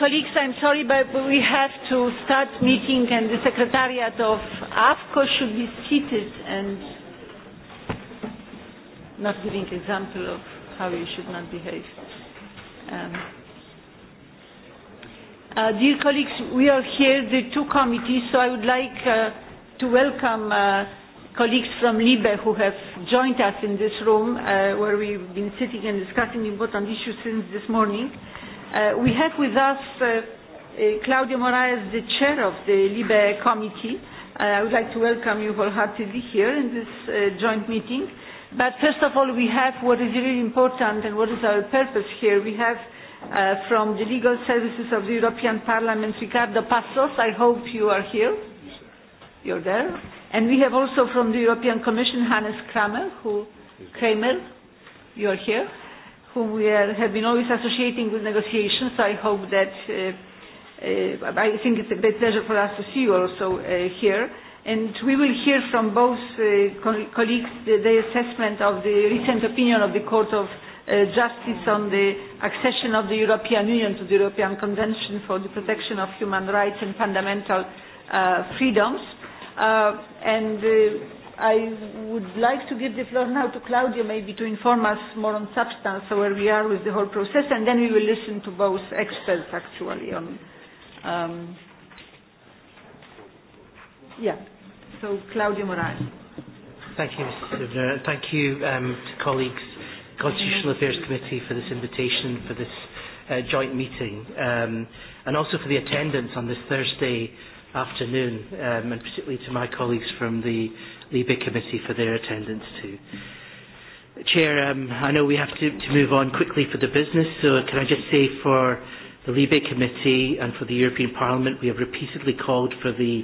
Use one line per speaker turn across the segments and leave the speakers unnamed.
colleagues, I'm sorry, but we have to start meeting, and the secretariat of AFCO should be seated and not giving example of how you should not behave. Um, uh, dear colleagues, we are here, the two committees, so I would like uh, to welcome uh, colleagues from LIBE who have joined us in this room uh, where we've been sitting and discussing important issues since this morning. Uh, Uh, we have with us uh, uh, Claudio Moraes, the chair of the LIBE committee. Uh, I would like to welcome you wholeheartedly here in this uh, joint meeting. But first of all, we have what is really important and what is our purpose here. We have uh, from the legal services of the European Parliament, Ricardo Passos. I hope you are here. You're there. And we have also from the European Commission, Hannes Kramer, who, Kramer, you are here whom we are, have been always associating with negotiations. So I hope that uh, uh, I think it's a great pleasure for us to see you also uh, here. And we will hear from both uh, co- colleagues the, the assessment of the recent opinion of the Court of uh, Justice on the accession of the European Union to the European Convention for the Protection of Human Rights and Fundamental uh, Freedoms. Uh, and uh, I would like to give the floor now to Claudio, maybe to inform us more on substance, so where we are with the whole process, and then we will listen to both experts, actually. On, um, yeah, so Claudio Morales.
Thank you, Mr. Thank you um, to colleagues, Constitutional Affairs Committee, for this invitation for this uh, joint meeting, um, and also for the attendance on this Thursday afternoon, um, and particularly to my colleagues from the Libya Committee for their attendance too. Chair, um, I know we have to, to move on quickly for the business, so can I just say for the Libya Committee and for the European Parliament, we have repeatedly called for the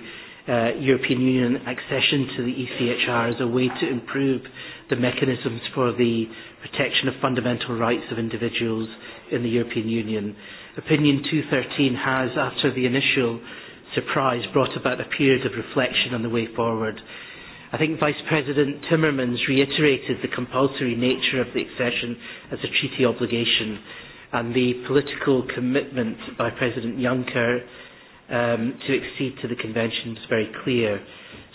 uh, European Union accession to the ECHR as a way to improve the mechanisms for the protection of fundamental rights of individuals in the European Union. Opinion 213 has, after the initial surprise, brought about a period of reflection on the way forward. I think Vice President Timmermans reiterated the compulsory nature of the accession as a treaty obligation and the political commitment by President Juncker um, to accede to the convention is very clear.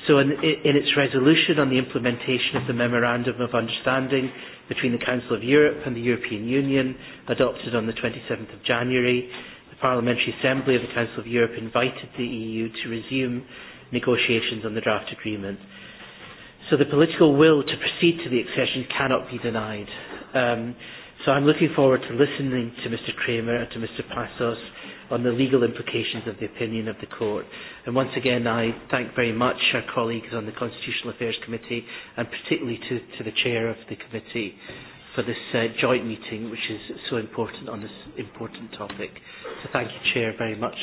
So in, in its resolution on the implementation of the Memorandum of Understanding between the Council of Europe and the European Union, adopted on the 27th of January, the Parliamentary Assembly of the Council of Europe invited the EU to resume negotiations on the draft agreement. So the political will to proceed to the accession cannot be denied. Um, so I'm looking forward to listening to Mr. Kramer and to Mr. Passos on the legal implications of the opinion of the court. And once again, I thank very much our colleagues on the Constitutional Affairs Committee and particularly to, to the chair of the committee for this uh, joint meeting, which is so important on this important topic. So thank you, Chair, very much.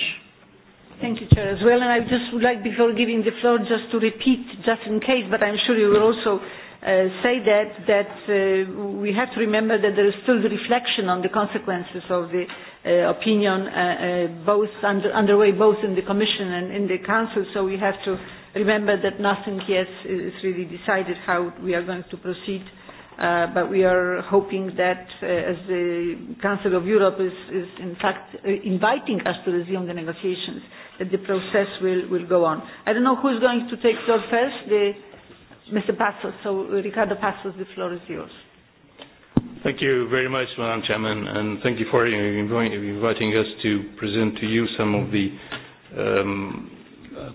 Thank you, Chair, as well. And I just would like, before giving the floor, just to repeat, just in case, but I'm sure you will also uh, say that, that uh, we have to remember that there is still the reflection on the consequences of the uh, opinion uh, uh, both under, underway both in the Commission and in the Council, so we have to remember that nothing yet is really decided how we are going to proceed. Uh, but we are hoping that uh, as the Council of Europe is, is in fact uh, inviting us to resume the negotiations, that the process will, will go on. I don't know who is going to take the floor first, the, Mr. Passos. So, Ricardo Passos, the floor is yours.
Thank you very much, Madam Chairman, and thank you for inviting us to present to you some of the um,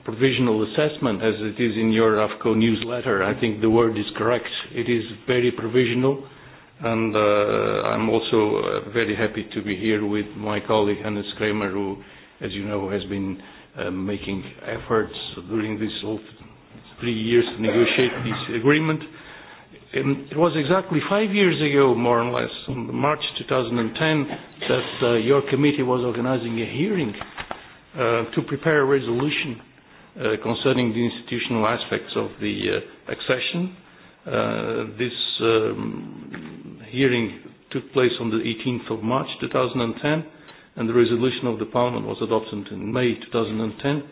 provisional assessment as it is in your AFCO newsletter. I think the word is correct. It is very provisional. And uh, I'm also uh, very happy to be here with my colleague Hannes Kramer, who, as you know, has been uh, making efforts during this whole three years to negotiate this agreement. And um, it was exactly five years ago, more or less, on March 2010, that uh, your committee was organizing a hearing uh, to prepare a resolution uh, uh, concerning the institutional aspects of the uh, accession. Uh, this um, hearing took place on the 18th of March 2010, and the resolution of the Parliament was adopted in May 2010.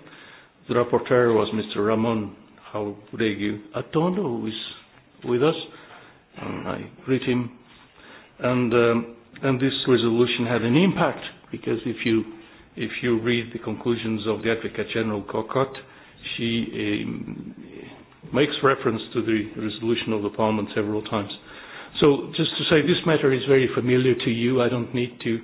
The rapporteur was Mr. Ramon Jauregui Atondo, who is with us. And I greet him. And, um, and this resolution had an impact because if you if you read the conclusions of the Advocate General Cocotte, she uh, makes reference to the resolution of the Parliament several times. So, just to say, this matter is very familiar to you. I don't need to,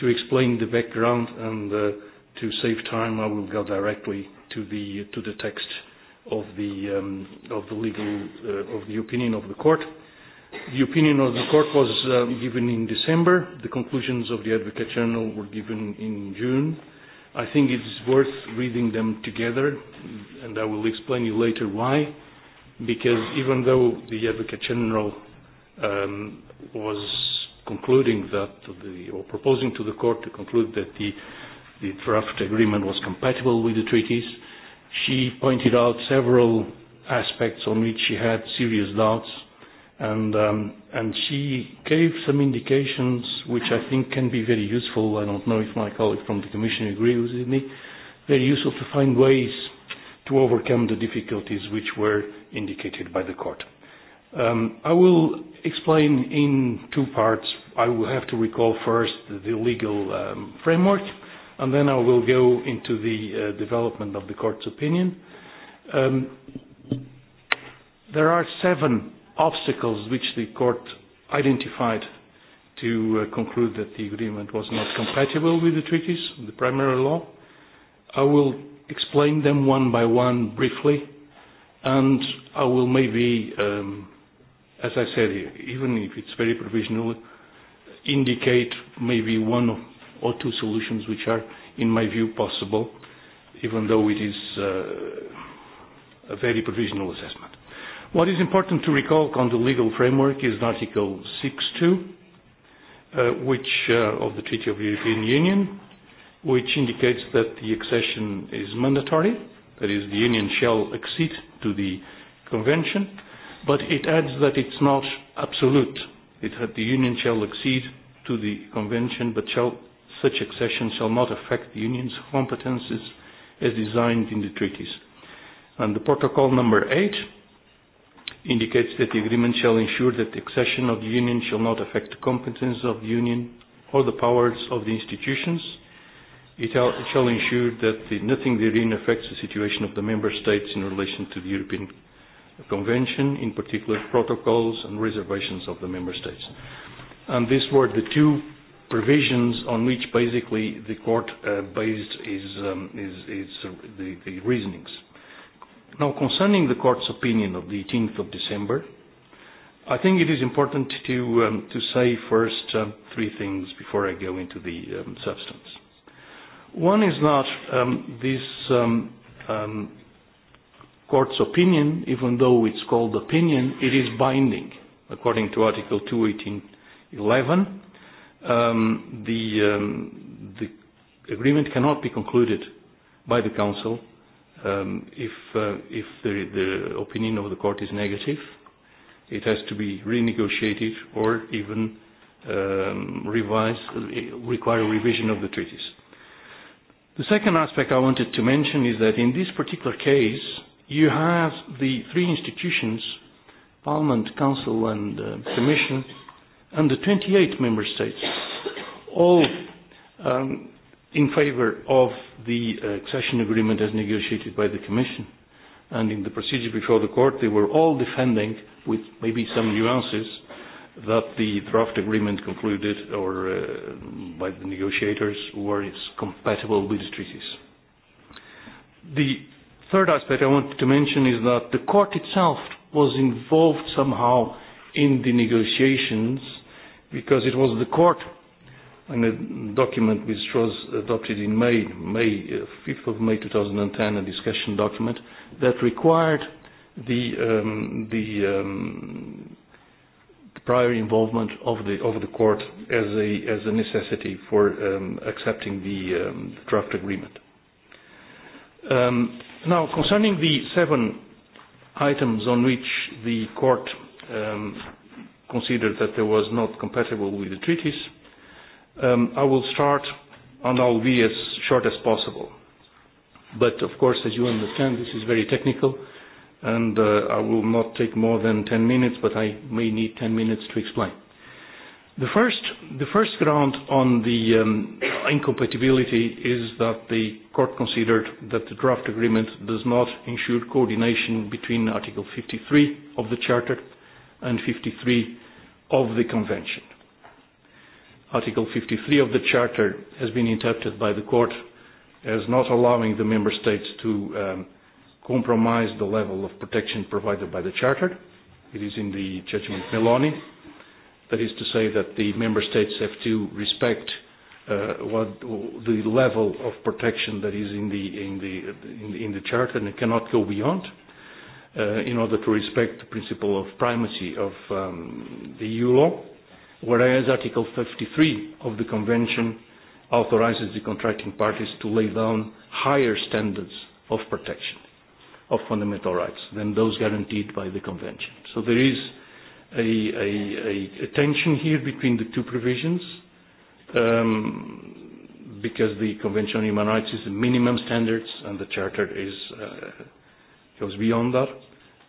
to explain the background, and uh, to save time, I will go directly to the, to the text of the, um, of the legal uh, of the opinion of the court. The opinion of the court was um, given in December. The conclusions of the Advocate Journal were given in June. I think it's worth reading them together, and I will explain you later why. Because even though the Advocate General um, was concluding that, the, or proposing to the court to conclude that the, the draft agreement was compatible with the treaties, she pointed out several aspects on which she had serious doubts and um, and she gave some indications which I think can be very useful. I don't know if my colleague from the Commission agrees with me. Very useful to find ways to overcome the difficulties which were indicated by the court. Um, I will explain in two parts. I will have to recall first the legal um, framework, and then I will go into the uh, development of the court's opinion. Um, there are seven obstacles which the court identified to uh, conclude that the agreement was not compatible with the treaties, the primary law. I will explain them one by one briefly, and I will maybe, um, as I said, even if it's very provisional, indicate maybe one or two solutions which are, in my view, possible, even though it is uh, a very provisional assessment. What is important to recall on the legal framework is Article 6.2 uh, which uh, of the Treaty of the European Union, which indicates that the accession is mandatory, that is, the Union shall accede to the Convention, but it adds that it's not absolute. It, that the Union shall accede to the Convention, but shall, such accession shall not affect the Union's competences as designed in the treaties. And the Protocol Number 8, indicates that the agreement shall ensure that the accession of the Union shall not affect the competence of the Union or the powers of the institutions. It shall ensure that the, nothing therein affects the situation of the Member States in relation to the European Convention, in particular protocols and reservations of the Member States. And these were the two provisions on which basically the Court uh, based is, um, is, is uh, the, the reasonings. Now, concerning the court's opinion of the 18th of December, I think it is important to, um, to say first um, three things before I go into the um, substance. One is that um, this um, um, court's opinion, even though it's called opinion, it is binding according to Article 218.11. Um, the, um, the agreement cannot be concluded by the Council um, if uh, if the, the opinion of the court is negative, it has to be renegotiated or even um, revise, uh, require a revision of the treaties. The second aspect I wanted to mention is that in this particular case, you have the three institutions, Parliament, Council and uh, Commission, and the 28 member states, all um, in favour of the uh, accession agreement as negotiated by the Commission. And in the procedure before the court, they were all defending, with maybe some nuances, that the draft agreement concluded or uh, by the negotiators was compatible with the treaties. The third aspect I wanted to mention is that the court itself was involved somehow in the negotiations because it was the court and a document which was adopted in May, May uh, 5th of May 2010, a discussion document that required the um, the, um, the prior involvement of the of the court as a as a necessity for um, accepting the, um, the draft agreement. Um, now, concerning the seven items on which the court um, considered that there was not compatible with the treaties um, I will start and I'll be as short as possible. But of course, as you understand, this is very technical and uh, I will not take more than 10 minutes, but I may need 10 minutes to explain. The first, the first ground on the um, incompatibility is that the court considered that the draft agreement does not ensure coordination between Article 53 of the Charter and 53 of the Convention. Article 53 of the Charter has been interpreted by the Court as not allowing the Member States to um, compromise the level of protection provided by the Charter. It is in the Judgment Meloni. That is to say that the Member States have to respect uh, what the level of protection that is in the, in the, in the, in the Charter and cannot go beyond. Uh, in order to respect the principle of primacy of um, the EU law, whereas Article 53 of the Convention authorizes the contracting parties to lay down higher standards of protection of fundamental rights than those guaranteed by the Convention. So there is a, a, a, a tension here between the two provisions. Um, because the Convention on Human Rights is the minimum standards and the Charter is, uh, goes beyond that.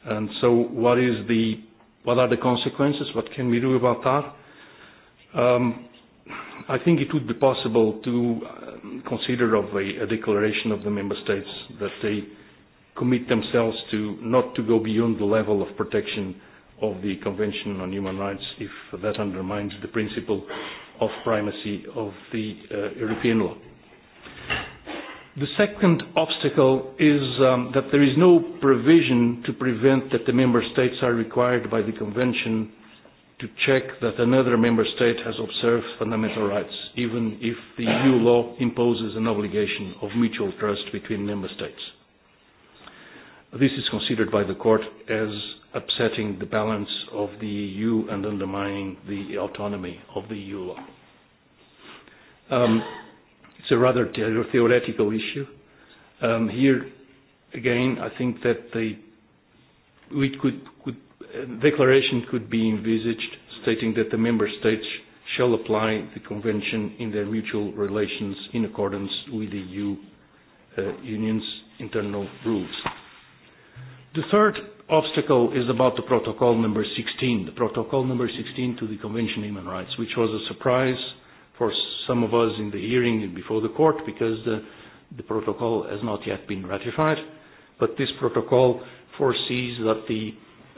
And so what, is the, what are the consequences? What can we do about that? Uh, Um, I think it would be possible to um, consider of a, a declaration of the member states that they commit themselves to not to go beyond the level of protection of the Convention on Human Rights if that undermines the principle of primacy of the uh, European law. The second obstacle is um, that there is no provision to prevent that the member states are required by the Convention to check that another member state has observed fundamental rights, even if the EU law imposes an obligation of mutual trust between member states. This is considered by the court as upsetting the balance of the EU and undermining the autonomy of the EU law. Um, it's a rather te- theoretical issue. Um, here, again, I think that the, we could, could declaration could be envisaged stating that the member states shall apply the convention in their mutual relations in accordance with the EU uh, Union's internal rules. The third obstacle is about the protocol number 16, the protocol number 16 to the Convention on Human Rights, which was a surprise for some of us in the hearing before the court because the, the protocol has not yet been ratified. But this protocol foresees that the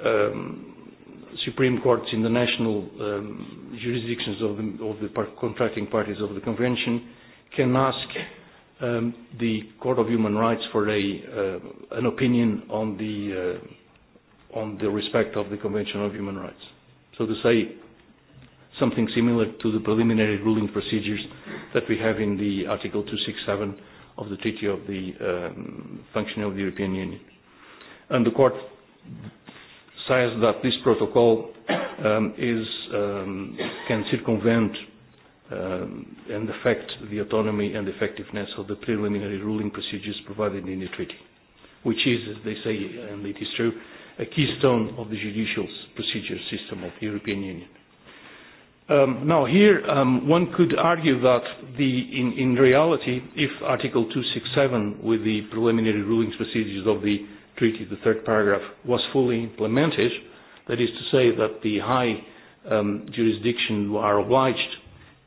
Um, Supreme Courts in the national um, jurisdictions of the, of the par contracting parties of the Convention can ask um, the Court of Human Rights for a, uh, an opinion on the, uh, on the respect of the Convention of Human Rights. So to say something similar to the preliminary ruling procedures that we have in the Article 267 of the Treaty of the um, Functioning of the European Union. And the Court says that this protocol um, is, um, can circumvent um, and affect the autonomy and effectiveness of the preliminary ruling procedures provided in the treaty, which is, as they say, and it is true, a keystone of the judicial procedure system of the European Union. Um, now, here um, one could argue that the, in, in reality, if Article 267 with the preliminary rulings procedures of the treaty, the third paragraph, was fully implemented, that is to say that the high um, jurisdiction are obliged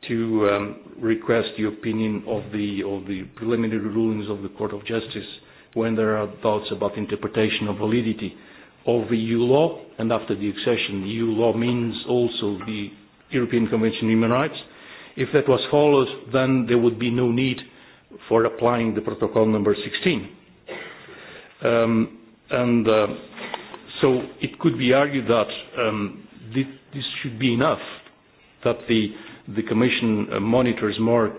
to um, request the opinion of the, of the preliminary rulings of the Court of Justice when there are doubts about interpretation of validity of EU e law, and after the accession, EU e law means also the European Convention on Human Rights. If that was followed, then there would be no need for applying the Protocol Number 16. Um, And uh, so it could be argued that um, this, this should be enough, that the, the Commission uh, monitors more,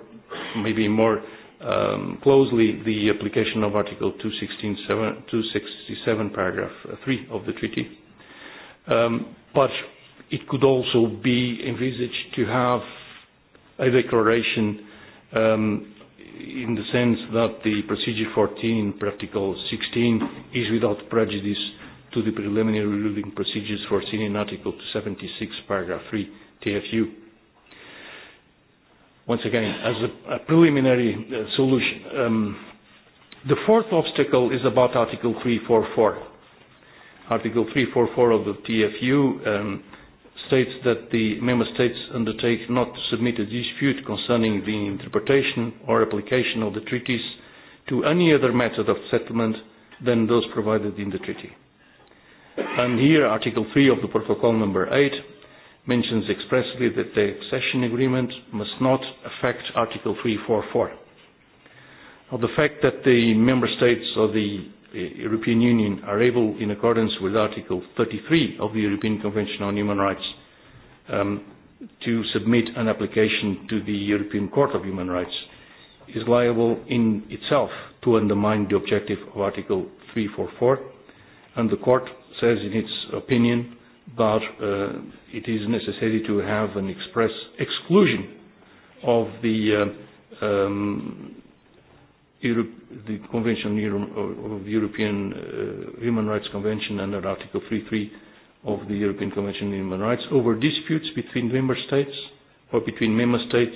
maybe more um, closely, the application of Article 267, 267, paragraph 3 uh, of the Treaty. Um, but it could also be envisaged to have a declaration um, in the sense that the procedure 14 in practical 16 is without prejudice to the preliminary ruling procedures foreseen in article 76 paragraph 3 tfu once again as a, a preliminary uh, solution um, the fourth obstacle is about article 344 article 344 of the tfu um, states that the member states undertake not to submit a dispute concerning the interpretation or application of the treaties to any other method of settlement than those provided in the treaty. And here, Article 3 of the Protocol Number 8 mentions expressly that the accession agreement must not affect Article 344. Now, the fact that the member states of the European Union are able, in accordance with Article 33 of the European Convention on Human Rights, um, to submit an application to the European Court of Human Rights, is liable in itself to undermine the objective of Article 344. And the Court says in its opinion that uh, it is necessary to have an express exclusion of the uh, um, Europe, the Convention of European uh, Human Rights Convention under Article 3.3 of the European Convention on Human Rights over disputes between member states or between member states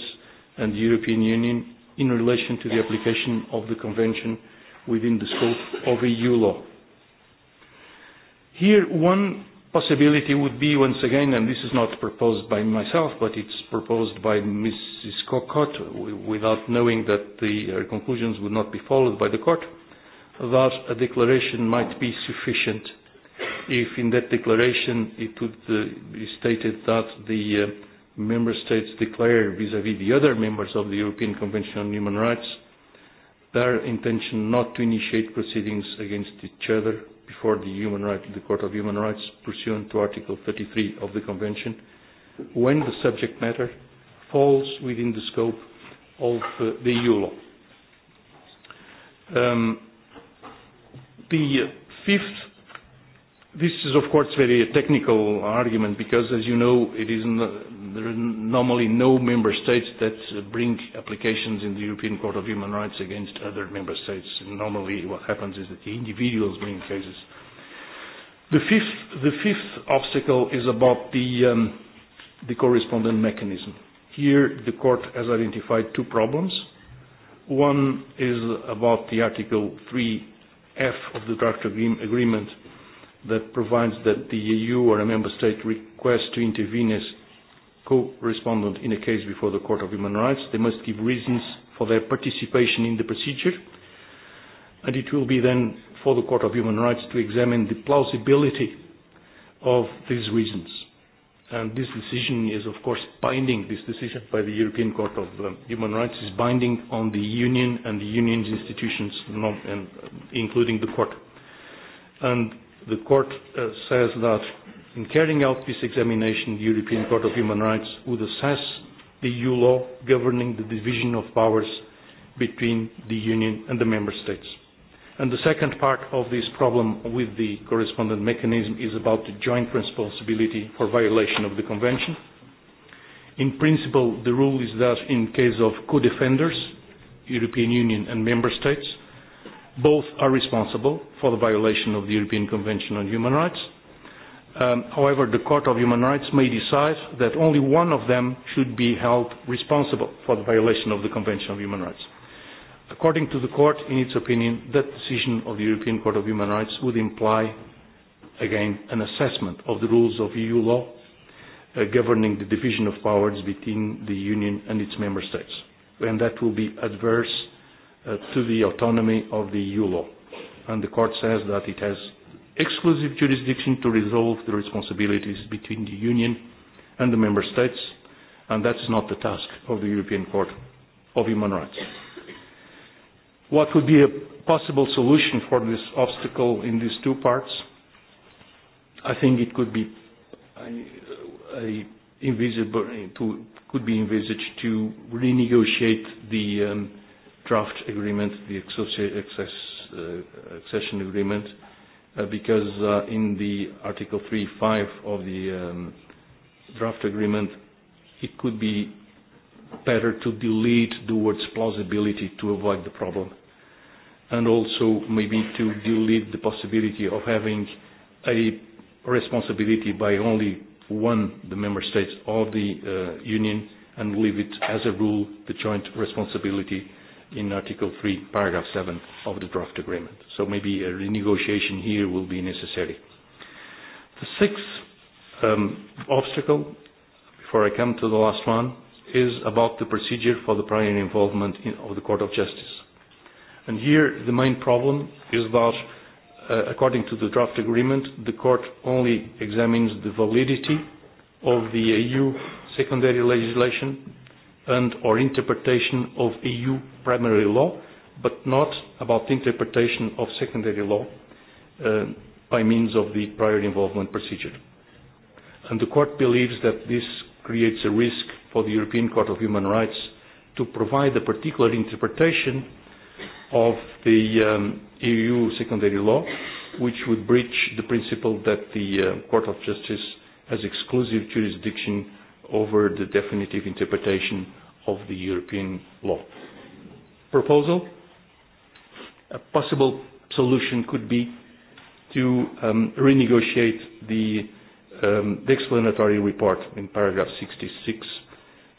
and the European Union in relation to the application of the Convention within the scope of EU law. Here, one possibility would be once again, and this is not proposed by myself, but it's proposed by Mrs. Cocott, without knowing that the her conclusions would not be followed by the court, that a declaration might be sufficient if in that declaration it would uh, be stated that the uh, member states declare vis-à-vis the other members of the European Convention on Human Rights their intention not to initiate proceedings against each other before the, human right, the Court of Human Rights pursuant to Article 33 of the Convention when the subject matter falls within the scope of uh, the EU law. Um, the fifth, this is of course very a technical argument because as you know it is there are normally no member states that uh, bring applications in the European Court of Human Rights against other member states. Normally, what happens is that the individuals bring cases. The fifth, the fifth obstacle is about the, um, the correspondent mechanism. Here, the court has identified two problems. One is about the Article 3F of the Draft Agreement that provides that the EU or a member state request to intervene as co-respondent in a case before the Court of Human Rights. They must give reasons for their participation in the procedure, and it will be then for the Court of Human Rights to examine the plausibility of these reasons. And this decision is, of course, binding. This decision by the European Court of uh, Human Rights is binding on the Union and the Union's institutions, not, and, uh, including the Court. And the Court uh, says that In carrying out this examination, the European Court of Human Rights would assess the EU law governing the division of powers between the Union and the Member States. And the second part of this problem with the correspondent mechanism is about the joint responsibility for violation of the Convention. In principle, the rule is that in case of co-defenders, European Union and Member States, both are responsible for the violation of the European Convention on Human Rights, Um, however, the Court of Human Rights may decide that only one of them should be held responsible for the violation of the Convention of Human Rights. According to the Court, in its opinion, that decision of the European Court of Human Rights would imply, again, an assessment of the rules of EU law uh, governing the division of powers between the Union and its member states, and that will be adverse uh, to the autonomy of the EU law. And the Court says that it has exclusive jurisdiction to resolve the responsibilities between the Union and the Member States, and that's not the task of the European Court of Human Rights. What would be a possible solution for this obstacle in these two parts? I think it could be a, uh, a invisible, to, could be envisaged to renegotiate the um, draft agreement, the access, access, uh, accession agreement, uh, Uh, because uh, in the Article 3.5 of the um, draft agreement, it could be better to delete the words plausibility to avoid the problem. And also maybe to delete the possibility of having a responsibility by only one, the member states of the uh, union, and leave it as a rule, the joint responsibility in Article 3, Paragraph 7 of the draft agreement. So maybe a renegotiation here will be necessary. The sixth um, obstacle, before I come to the last one, is about the procedure for the prior involvement in, of the Court of Justice. And here the main problem is that, uh, according to the draft agreement, the Court only examines the validity of the EU secondary legislation and or interpretation of EU primary law, but not about the interpretation of secondary law uh, by means of the prior involvement procedure. And the Court believes that this creates a risk for the European Court of Human Rights to provide a particular interpretation of the um, EU secondary law, which would breach the principle that the uh, Court of Justice has exclusive jurisdiction over the definitive interpretation of the European law. Proposal A possible solution could be to um, renegotiate the, um, the explanatory report in paragraph 66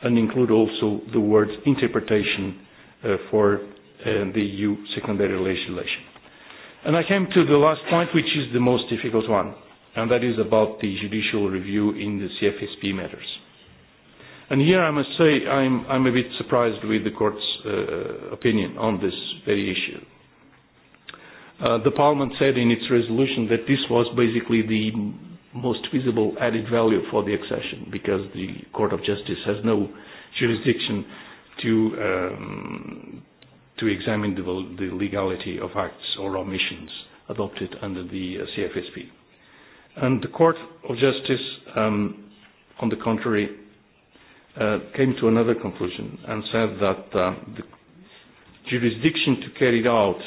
and include also the word interpretation uh, for uh, the EU secondary legislation. And I came to the last point, which is the most difficult one, and that is about the judicial review in the CFSP matters. And here I must say I'm, I'm a bit surprised with the court's uh, uh, opinion on this very issue. Uh, the Parliament said in its resolution that this was basically the most feasible added value for the accession because the Court of Justice has no jurisdiction to, um, to examine the, the legality of acts or omissions adopted under the uh, CFSP. And the Court of Justice, um, on the contrary, uh, came to another conclusion and said that uh, the jurisdiction to carry out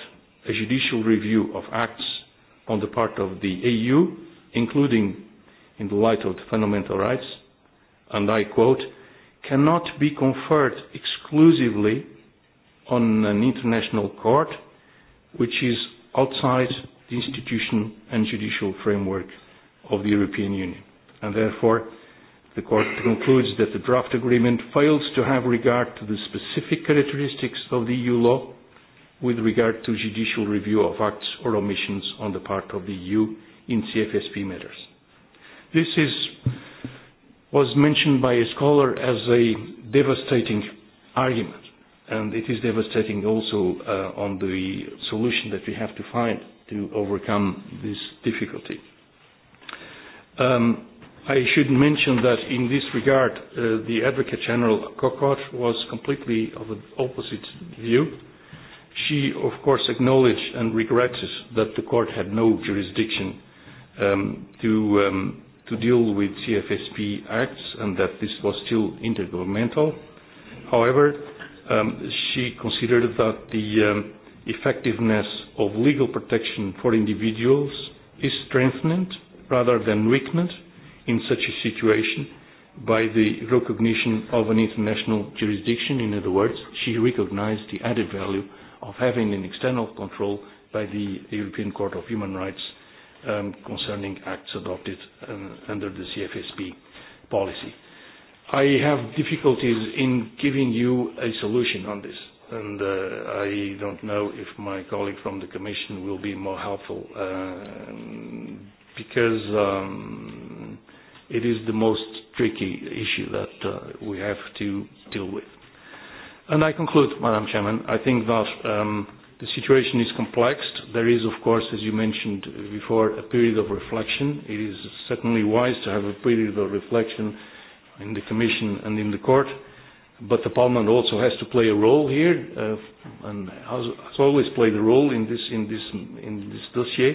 a judicial review of acts on the part of the EU, including in the light of the fundamental rights, and I quote, cannot be conferred exclusively on an international court which is outside the institution and judicial framework of the European Union. And therefore, The court concludes that the draft agreement fails to have regard to the specific characteristics of the EU law with regard to judicial review of acts or omissions on the part of the EU in CFSP matters. This is, was mentioned by a scholar as a devastating argument, and it is devastating also uh, on the solution that we have to find to overcome this difficulty. Um, I should mention that in this regard, uh, the Advocate General Cocotte was completely of an opposite view. She, of course, acknowledged and regretted that the court had no jurisdiction um, to, um, to deal with CFSP acts and that this was still intergovernmental. However, um, she considered that the um, effectiveness of legal protection for individuals is strengthened rather than weakened in such a situation by the recognition of an international jurisdiction. In other words, she recognized the added value of having an external control by the European Court of Human Rights um, concerning acts adopted um, under the CFSP policy. I have difficulties in giving you a solution on this, and uh, I don't know if my colleague from the Commission will be more helpful. Uh, because um, it is the most tricky issue that uh, we have to deal with. And I conclude, Madam Chairman, I think that um, the situation is complex. There is, of course, as you mentioned before, a period of reflection. It is certainly wise to have a period of reflection in the Commission and in the Court. But the Parliament also has to play a role here, uh, and has, has always played a role in this, in this, in this dossier.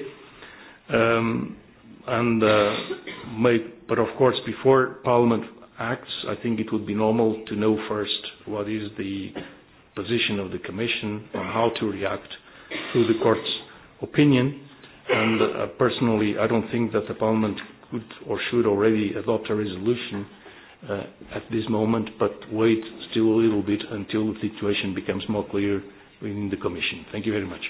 Um, and uh, may, but of course, before Parliament acts, I think it would be normal to know first what is the position of the Commission on how to react to the Court's opinion. And uh, personally, I don't think that the Parliament could or should already adopt a resolution uh, at this moment, but wait still a little bit until the situation becomes more clear in the Commission. Thank you very much.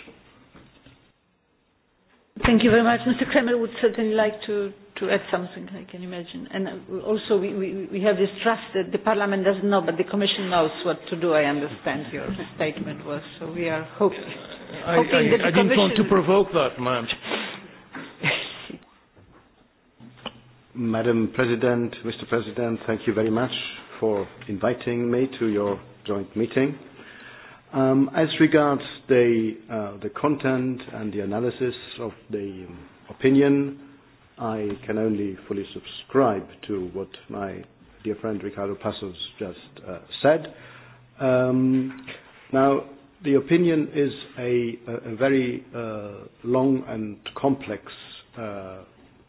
Thank you very much. Mr. Kremer would certainly like to, to add something, I can imagine. And uh, also, we, we, we have this trust that the Parliament doesn't know, but the Commission knows what to do, I understand your statement was. So we are hoping. I, hoping I, that I, the I commission didn't want to provoke
that, ma'am.
Madam President, Mr. President, thank you very much for inviting me to your joint meeting. Um, as regards uh, the content and the analysis of the um, opinion, I can only fully subscribe to what my dear friend Ricardo Passos just uh, said. Um, now, the opinion is a very uh, long and complex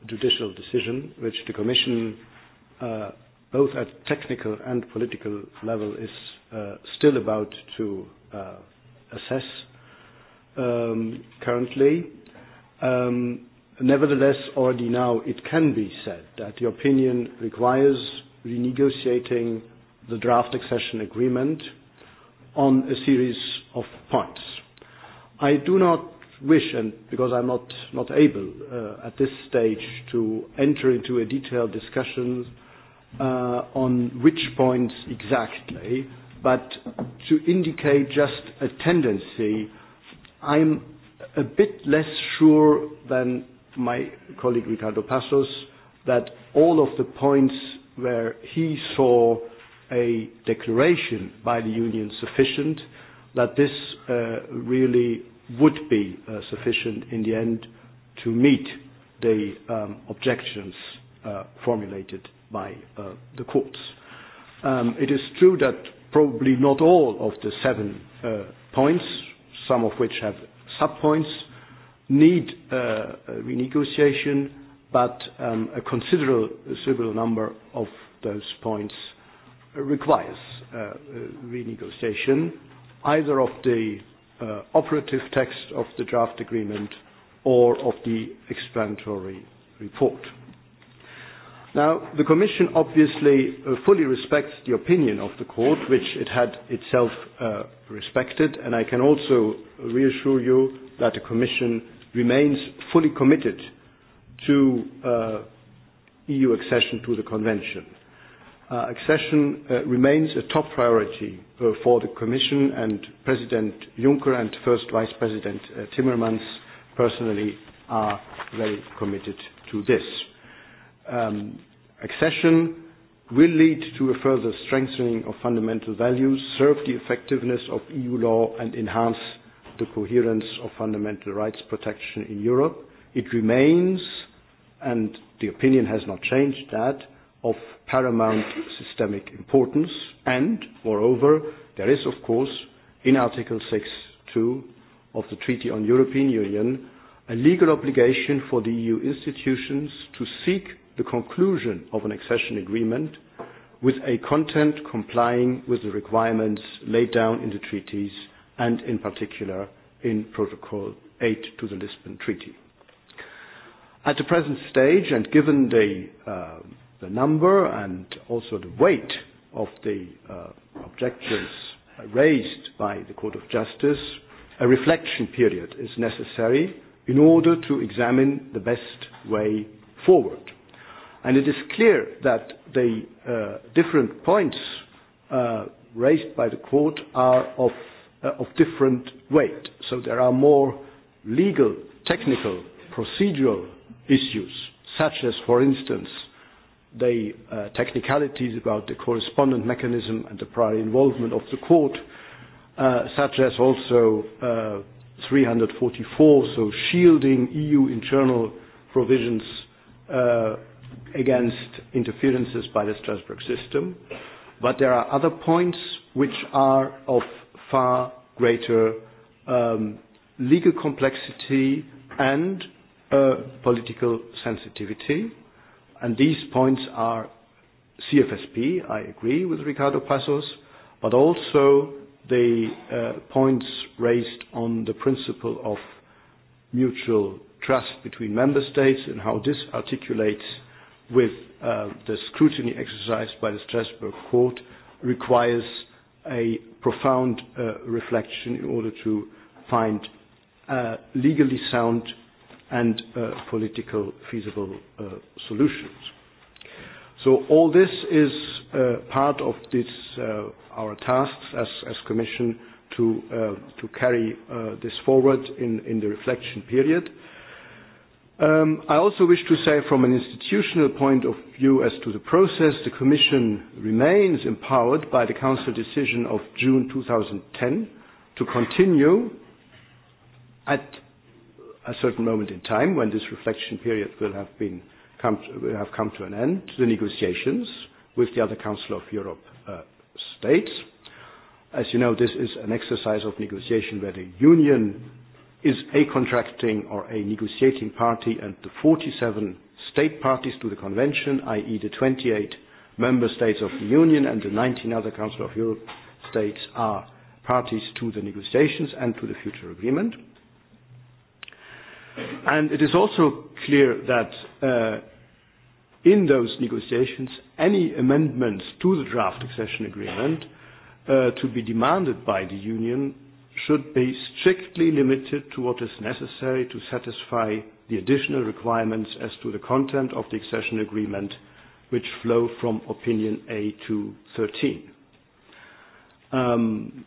judicial decision, which the commission, both at technical and political level, is still about to Uh, assess um, currently. Um, nevertheless, already now it can be said that the opinion requires renegotiating the draft accession agreement on a series of points. I do not wish, and because I'm not able uh, at this stage to enter into a detailed discussion uh, on which points exactly but to indicate just a tendency, I'm a bit less sure than my colleague Ricardo Passos that all of the points where he saw a declaration by the Union sufficient, that this uh, really would be uh, sufficient in the end to meet the um, objections uh, formulated by uh, the courts. Um, it is true that probably not all of the seven uh, points, some of which have sub-points, need uh, a renegotiation, but um, a considerable number of those points requires uh, renegotiation, either of the uh, operative text of the draft agreement or of the explanatory report. Now, the Commission obviously uh, fully respects the opinion of the Court, which it had itself uh, respected, and I can also reassure you that the Commission remains fully committed to uh, EU accession to the Convention. Uh, accession uh, remains a top priority uh, for the Commission, and President Juncker and First Vice President uh, Timmermans personally are very committed to this. Um, accession will lead to a further strengthening of fundamental values, serve the effectiveness of EU law and enhance the coherence of fundamental rights protection in Europe. It remains, and the opinion has not changed that, of paramount systemic importance. And, moreover, there is, of course, in Article 6.2 of the Treaty on European Union, a legal obligation for the EU institutions to seek the conclusion of an accession agreement with a content complying with the requirements laid down in the treaties and in particular in Protocol 8 to the Lisbon Treaty. At the present stage, and given the uh, number and also the weight of the uh, objections raised by the Court of Justice, a reflection period is necessary in order to examine the best way forward. And it is clear that the uh, different points uh, raised by the court are of, uh, of different weight. So there are more legal, technical, procedural issues, such as, for instance, the uh, technicalities about the correspondent mechanism and the prior involvement of the court, uh, such as also uh, 344, so shielding EU internal provisions. Uh, against interferences by the Strasbourg system, but there are other points which are of far greater um, legal complexity and uh, political sensitivity. And these points are CFSP, I agree with Ricardo Passos, but also the uh, points raised on the principle of mutual trust between member states and how this articulates uh, with uh, the scrutiny exercised by the Strasbourg Court requires a profound uh, reflection in order to find a uh, legally sound and uh, political feasible uh, solutions. So all this is uh, part of this, uh, our tasks as, as Commission to, uh, to carry uh, this forward in, in the reflection period. Um, I also wish to say from an institutional point of view as to the process, the Commission remains empowered by the Council decision of June 2010 to continue at a certain moment in time when this reflection period will have, been come, to, will have come to an end, the negotiations with the other Council of Europe uh, states. As you know, this is an exercise of negotiation where the Union is a contracting or a negotiating party and the 47 state parties to the convention, i.e. the 28 member states of the union and the 19 other council of europe states are parties to the negotiations and to the future agreement. and it is also clear that uh, in those negotiations, any amendments to the draft accession agreement uh, to be demanded by the union should be strictly limited to what is necessary to satisfy the additional requirements as to the content of the accession agreement, which flow from opinion A to 13. Um,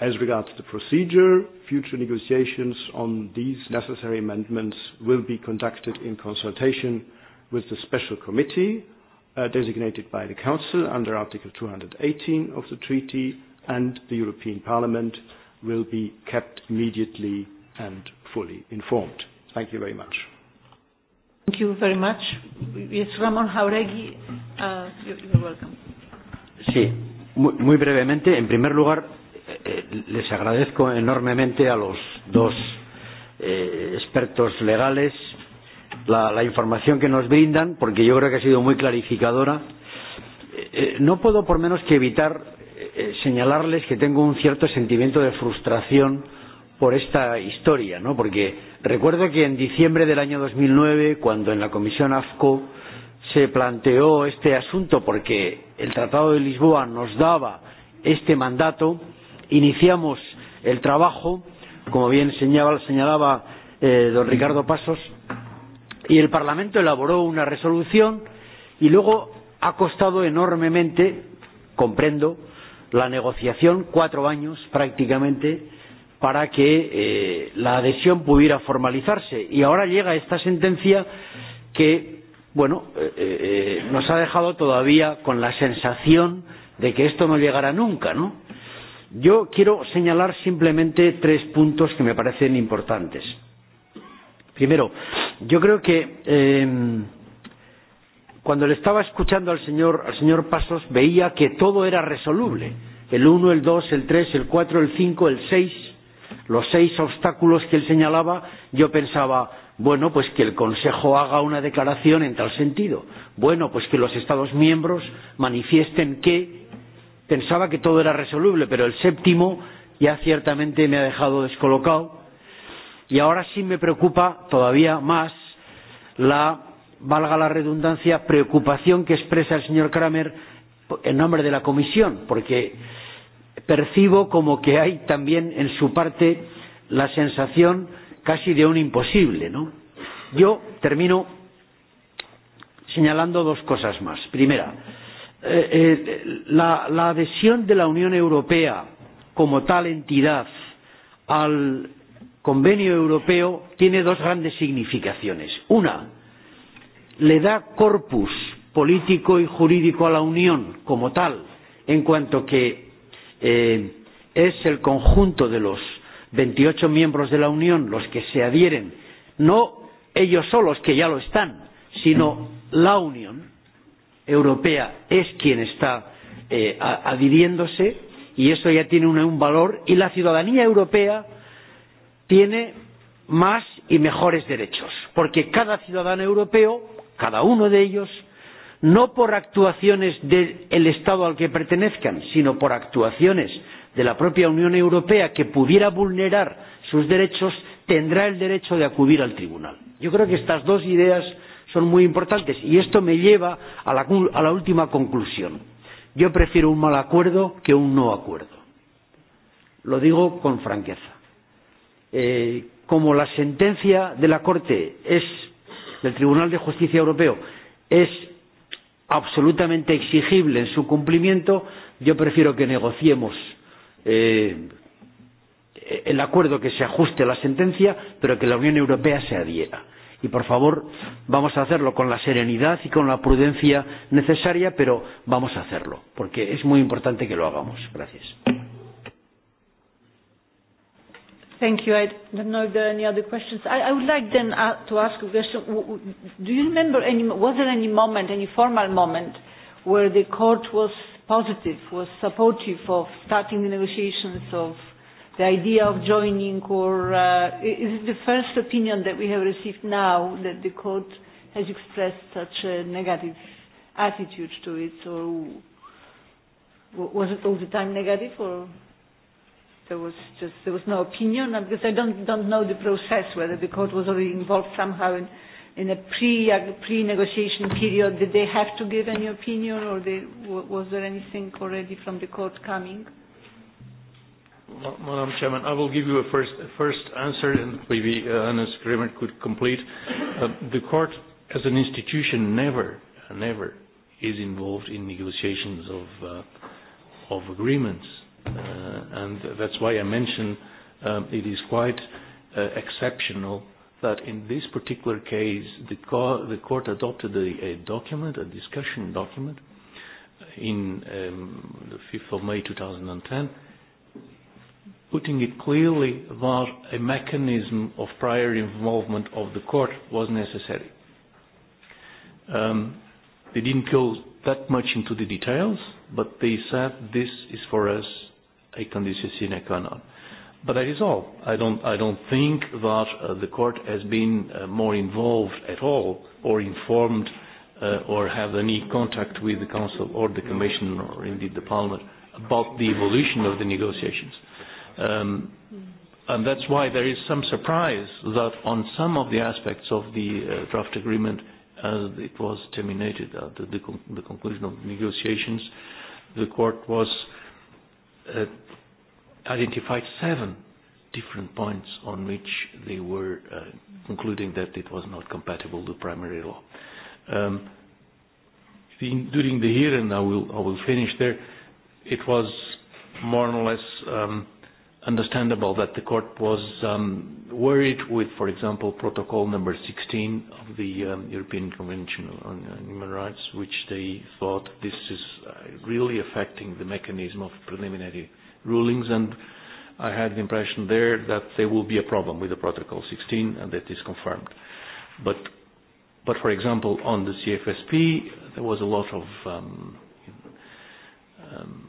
as regards to the procedure, future negotiations on these necessary amendments will be conducted in consultation with the special committee uh, designated by the council under Article 218 of the treaty and the European Parliament, will be kept immediately and fully informed. Thank you very much.
Thank you very much. It's Ramón Jáuregui. Uh, you're welcome.
Sí. Muy brevemente, en primer lugar, eh, eh, les agradezco enormemente a los dos eh, expertos legales la información que nos brindan, porque yo creo que ha sido muy clarificadora. No puedo por menos que evitar señalarles que tengo un cierto sentimiento de frustración por esta historia, ¿no? Porque recuerdo que en diciembre del año 2009, cuando en la Comisión AFCO se planteó este asunto porque el Tratado de Lisboa nos daba este mandato, iniciamos el trabajo, como bien señalaba, señalaba eh, don Ricardo Pasos, y el Parlamento elaboró una resolución y luego ha costado enormemente, comprendo, la negociación cuatro años prácticamente para que eh, la adhesión pudiera formalizarse y ahora llega esta sentencia que bueno eh, eh, nos ha dejado todavía con la sensación de que esto no llegará nunca ¿no? yo quiero señalar simplemente tres puntos que me parecen importantes primero yo creo que eh, cuando le estaba escuchando al señor, al señor Pasos, veía que todo era resoluble. El 1, el 2, el 3, el 4, el 5, el 6, los seis obstáculos que él señalaba, yo pensaba, bueno, pues que el Consejo haga una declaración en tal sentido. Bueno, pues que los Estados miembros manifiesten que pensaba que todo era resoluble, pero el séptimo ya ciertamente me ha dejado descolocado. Y ahora sí me preocupa todavía más la valga la redundancia, preocupación que expresa el señor Kramer en nombre de la comisión, porque percibo como que hay también en su parte la sensación casi de un imposible. ¿no? Yo termino señalando dos cosas más. Primera, eh, eh, la, la adhesión de la Unión Europea como tal entidad al convenio europeo tiene dos grandes significaciones. Una, le da corpus político y jurídico a la Unión como tal, en cuanto que eh, es el conjunto de los 28 miembros de la Unión los que se adhieren, no ellos solos, que ya lo están, sino la Unión Europea es quien está eh, adhiriéndose y eso ya tiene un, un valor y la ciudadanía europea tiene más y mejores derechos, porque cada ciudadano europeo cada uno de ellos, no por actuaciones del el Estado al que pertenezcan, sino por actuaciones de la propia Unión Europea que pudiera vulnerar sus derechos, tendrá el derecho de acudir al tribunal. Yo creo que estas dos ideas son muy importantes y esto me lleva a la, a la última conclusión. Yo prefiero un mal acuerdo que un no acuerdo. Lo digo con franqueza. Eh, como la sentencia de la Corte es del Tribunal de Justicia Europeo es absolutamente exigible en su cumplimiento, yo prefiero que negociemos eh, el acuerdo que se ajuste a la sentencia, pero que la Unión Europea se adhiera. Y, por favor, vamos a hacerlo con la serenidad y con la prudencia necesaria, pero vamos a hacerlo, porque es muy importante que lo hagamos. Gracias.
Thank you. I don't know if there are any other questions. I, I would like then uh, to ask a question. Do you remember any, was there any moment, any formal moment, where the court was positive, was supportive of starting the negotiations of the idea of joining, or uh, is it the first opinion that we have received now that the court has expressed such a negative attitude to it, or was it all the time negative, or there was just there was no opinion because I don't don't know the process whether the court was already involved somehow in in a pre pre negotiation period did they have to give any opinion or they, was there anything already from the court coming?
Madam Chairman, I will give you a first a first answer and maybe uh, Anna Skrimer could complete. Uh, the court, as an institution, never never is involved in negotiations of uh, of agreements. Uh, Uh, and that's why I mention um, it is quite uh, exceptional that in this particular case the, co- the court adopted a, a document, a discussion document, in um, the 5th of May 2010, putting it clearly that a mechanism of prior involvement of the court was necessary. Um, they didn't go that much into the details, but they said this is for us a condition sine qua non. But that is all. I don't, I don't think that uh, the court has been uh, more involved at all or informed uh, or have any contact with the council or the commission or indeed the parliament about the evolution of the negotiations. Um, and that's why there is some surprise that on some of the aspects of the uh, draft agreement, as it was terminated at the, the, con- the conclusion of the negotiations, the court was uh, identified seven different points on which they were uh, concluding that it was not compatible with primary law. Um, the, during the hearing, I will, I will finish there, it was more or less. Um, understandable that the court was um, worried with, for example, Protocol Number 16 of the um, European Convention on Human Rights, which they thought this is uh, really affecting the mechanism of preliminary rulings. And I had the impression there that there will be a problem with the Protocol 16, and that is confirmed. But, but for example, on the CFSP, there was a lot of. Um, um,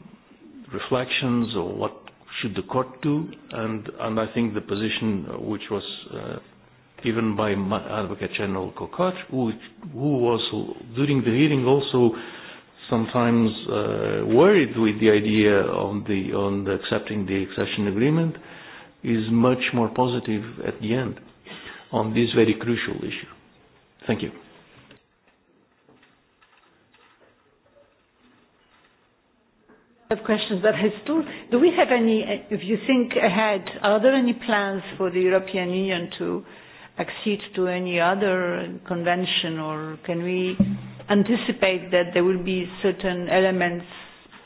reflections or what should the court do? And, and I think the position uh, which was uh, given by Advocate General Kokot, who, who was during the hearing also sometimes uh, worried with the idea on the, on the accepting the accession agreement, is much more positive at the end on this very crucial issue. Thank you.
of questions that has still do we have any uh, if you think ahead are there any plans for the european union to accede to any other convention or can we anticipate that there will be certain elements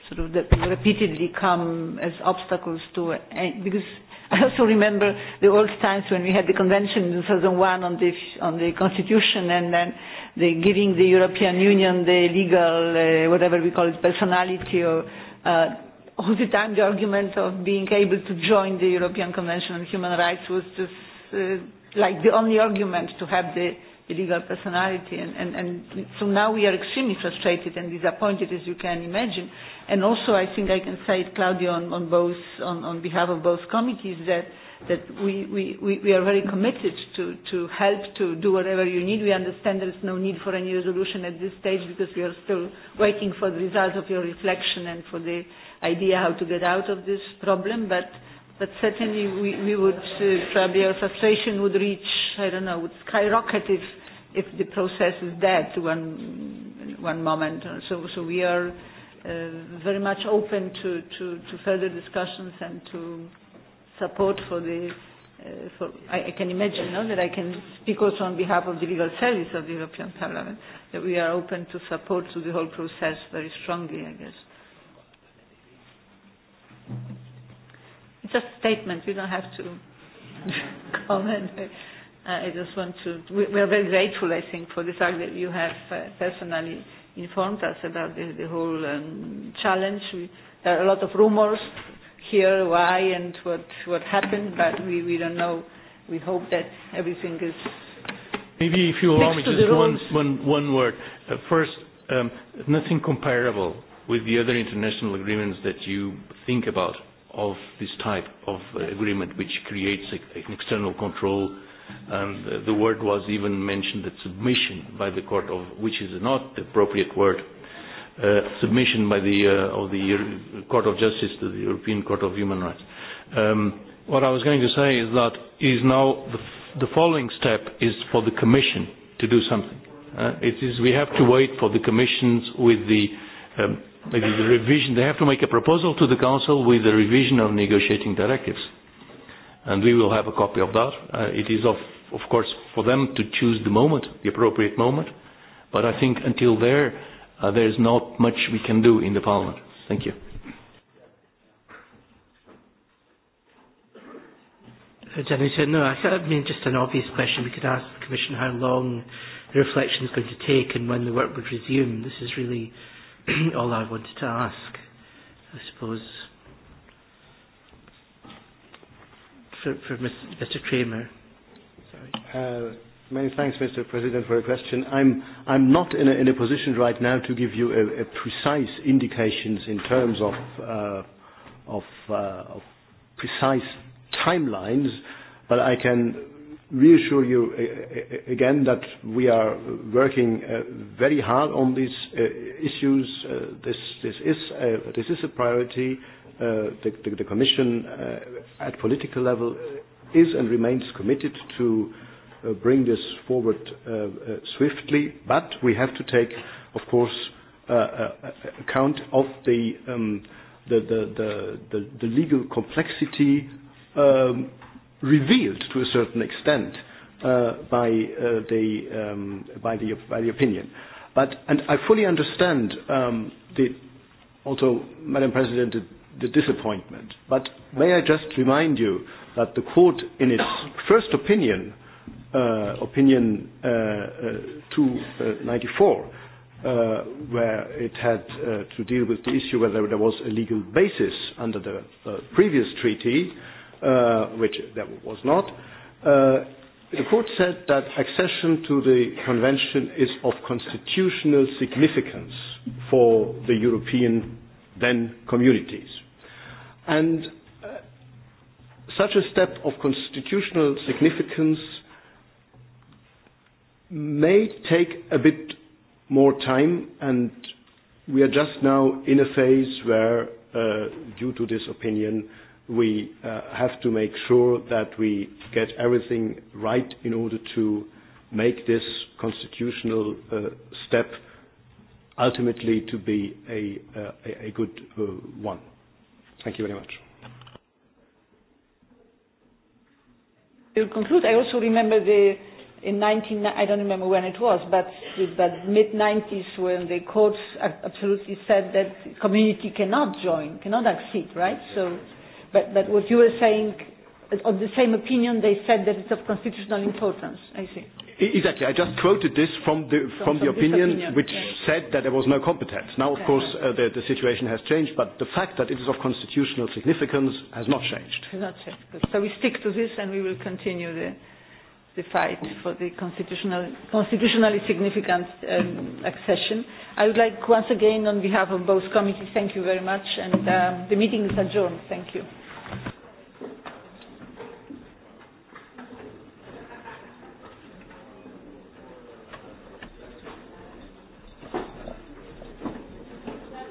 sort of that repeatedly come as obstacles to it? because i also remember the old times when we had the convention in 2001 on the on the constitution and then the giving the european union the legal uh, whatever we call it personality or Uh, all the time the argument of being able to join the European Convention on Human Rights was just uh, like the only argument to have the illegal personality. And, and, and so now we are extremely frustrated and disappointed, as you can imagine. And also, I think I can say it, Claudio, on, on, both, on, on behalf of both committees, that that we, we, we are very committed to, to help to do whatever you need. We understand there is no need for any resolution at this stage because we are still waiting for the results of your reflection and for the idea how to get out of this problem. But, but certainly we, we would uh, probably our frustration would reach, I don't know, would skyrocket if, if the process is dead one, one moment. So, so we are uh, very much open to, to, to further discussions and to support for the uh, for I, I can imagine no, that I can speak also on behalf of the legal service of the European Parliament that we are open to support to the whole process very strongly I guess it's just a statement we don't have to comment I just want to we are very grateful I think for the fact that you have uh, personally informed us about the, the whole um, challenge we, there are a lot of rumors here why and what what happened, but we, we don't know. We hope that everything is.
Maybe if you allow me just one, one, one word. Uh, first, um, nothing comparable with the other international agreements that you think about of this type of uh, agreement which creates a, an external control. And the, the word was even mentioned that submission by the court, of, which is not the appropriate word Uh, submission by the uh, of the Court of Justice to the European Court of Human Rights. Um, what I was going to say is that is now the, the following step is for the Commission to do something. Uh, it is we have to wait for the commissions with the, um, maybe the revision. They have to make a proposal to the Council with the revision of negotiating directives, and we will have a copy of that. Uh, it is of of course for them to choose the moment, the appropriate moment. But I think until there uh, there is not much we can do in the parliament. Thank you.
Uh, no, I mean, just an obvious question. We could ask the Commission how long the reflection is going to take and when the work would resume. This is really all I wanted to ask, I suppose, for, for Mr. Kramer.
Sorry. Uh, Many thanks, Mr. President, for your question. I'm not in a position right now to give you a precise indications in terms uh, uh, of precise timelines, but I can reassure you again that we are working uh, very hard on these issues. This is a priority. The commission at political level is and remains committed to Uh, bring this forward uh, uh, swiftly. But we have to take, of course, uh, account of the, um, the, the, the, the, the legal complexity um, revealed to a certain extent. Uh, by, uh, the, um, by the by the opinion, but and I fully understand um, the also, Madam President, the, the disappointment. But may I just remind you that the court, in its first opinion, uh, opinion uh, uh, 294, uh, uh, where it had uh, to deal with the issue whether there was a legal basis under the uh, previous treaty, uh, which there was not. Uh, the court said that accession to the convention is of constitutional significance for the European then communities. And uh, such a step of constitutional significance may take a bit more time, and we are just now in a phase where, uh, due to this opinion, we uh, have to make sure that we get everything right in order to make this constitutional uh, step ultimately to be a good one. Thank you very much.
To conclude, I also remember the in 19, I don't remember when it was, but, but mid 90s when the courts absolutely said that community cannot join, cannot accede, right? So, but, but what you were saying, on the same opinion, they said that it's of constitutional importance. I see.
E, exactly. I just quoted this from the, from from the opinion, opinion which yes. said that there was no competence. Now, of yes. course, uh, the, the situation has changed, but the fact that it is of constitutional significance has not changed.
Not changed. So we stick to this and we will continue the, the fight for the constitutional, constitutionally significant um, accession. I would like once again, on behalf of both committees, thank you very much, and um, the meeting is adjourned. Thank you.